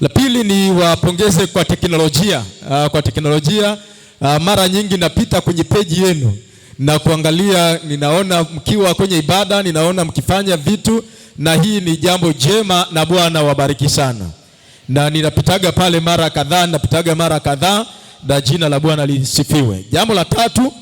La pili ni wapongeze kwa teknolojia uh, kwa teknolojia uh, mara nyingi napita kwenye peji yenu na kuangalia, ninaona mkiwa kwenye ibada, ninaona mkifanya vitu, na hii ni jambo jema, na Bwana wabariki sana. Na ninapitaga pale mara kadhaa, ninapitaga mara kadhaa, na jina la Bwana lisifiwe. Jambo la tatu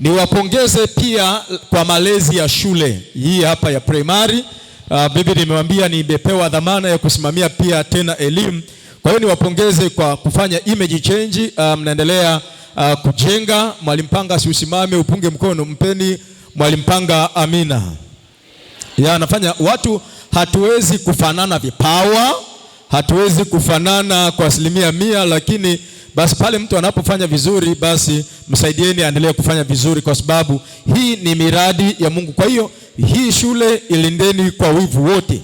ni wapongeze pia kwa malezi ya shule hii hapa ya primary Uh, bibi nimewambia nimepewa dhamana ya kusimamia pia tena elimu. Kwa hiyo niwapongeze kwa kufanya image change. Ah, mnaendelea uh, kujenga. Mwalimu Panga asiusimame, upunge mkono, mpeni Mwalimu Panga amina. Ya, anafanya watu, hatuwezi kufanana vipawa, hatuwezi kufanana kwa asilimia mia, lakini basi pale mtu anapofanya vizuri, basi msaidieni aendelee kufanya vizuri, kwa sababu hii ni miradi ya Mungu. Kwa hiyo hii shule ilindeni kwa wivu wote.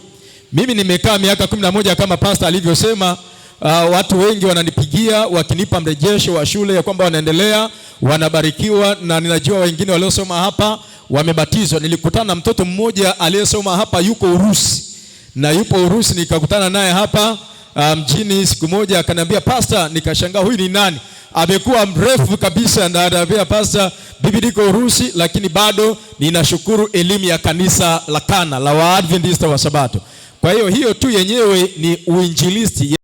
Mimi nimekaa miaka kumi na moja kama pasta alivyosema. Uh, watu wengi wananipigia wakinipa mrejesho wa shule ya kwamba wanaendelea, wanabarikiwa, na ninajua wengine waliosoma hapa wamebatizwa. Nilikutana na mtoto mmoja aliyesoma hapa, yuko Urusi na yupo Urusi, nikakutana naye hapa Ah, mjini um, siku moja akaniambia pasta, nikashangaa huyu ni nani? Amekuwa mrefu kabisa, na anaambia pasta, bibi niko Urusi, lakini bado ninashukuru elimu ya kanisa la Kana la Waadventista wa Sabato. Kwa hiyo hiyo tu yenyewe ni uinjilisti.